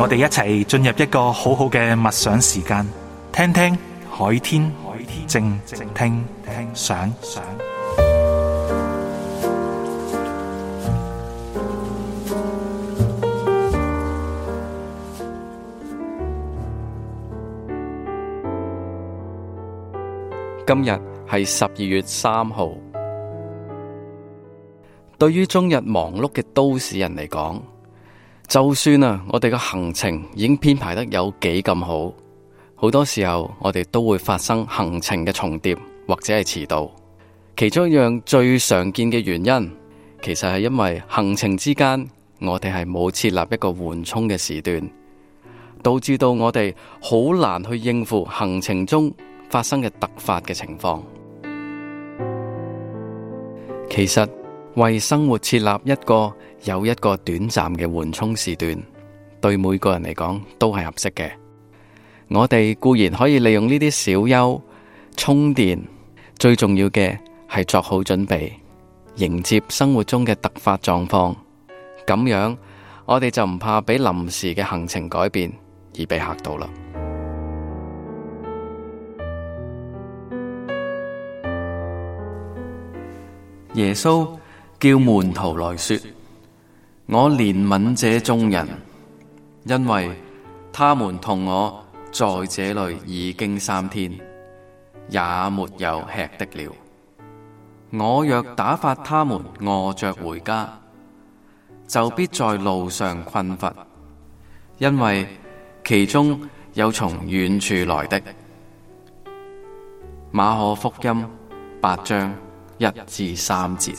我哋一齊進入一個好好嘅默想時間，聽聽海天靜靜聽想。今日係十二月三號。對於終日忙碌嘅都市人嚟講，就算啊，我哋嘅行程已經編排得有幾咁好，好多時候我哋都會發生行程嘅重疊或者係遲到。其中一樣最常見嘅原因，其實係因為行程之間我哋係冇設立一個緩衝嘅時段，導致到我哋好難去應付行程中發生嘅突發嘅情況。其實。為生活設立一個又一個短暫嘅緩衝時段，對每個人嚟講都係合適嘅。我哋固然可以利用呢啲小休充電，最重要嘅係作好準備，迎接生活中嘅突發狀況。咁樣，我哋就唔怕俾臨時嘅行程改變而被嚇到啦。耶穌。叫門徒來說：我憐憫這眾人，因為他們同我在這裏已經三天，也沒有吃的了。我若打發他們餓着回家，就必在路上困乏，因為其中有從遠處來的。馬可福音八章一至三節。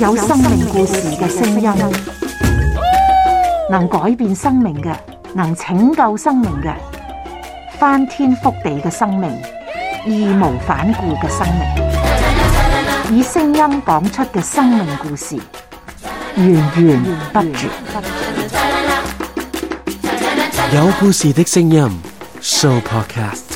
有生命故事嘅聲音，能改變生命嘅，能拯救生命嘅，翻天覆地嘅生命，義無反顧嘅生命，以聲音講出嘅生命故事，源源不絕。有故事的聲音，Sooopodcast。